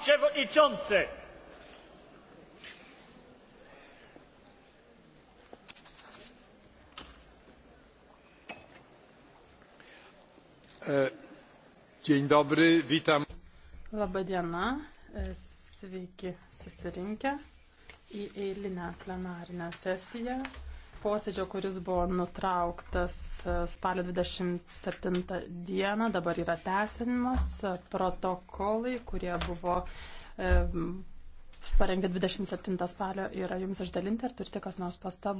przewodniczący! E, dzień dobry, witam. Labą dieną, e, sveiki susirinkę į eilinę plenarinę sesiją posėdžio, kuris buvo nutrauktas e, spalio 27 dieną, dabar yra tęsinimas. Protokolai, kurie buvo e, parengti 27 spalio, yra jums išdalinti. Ar turite kas nors pastabų?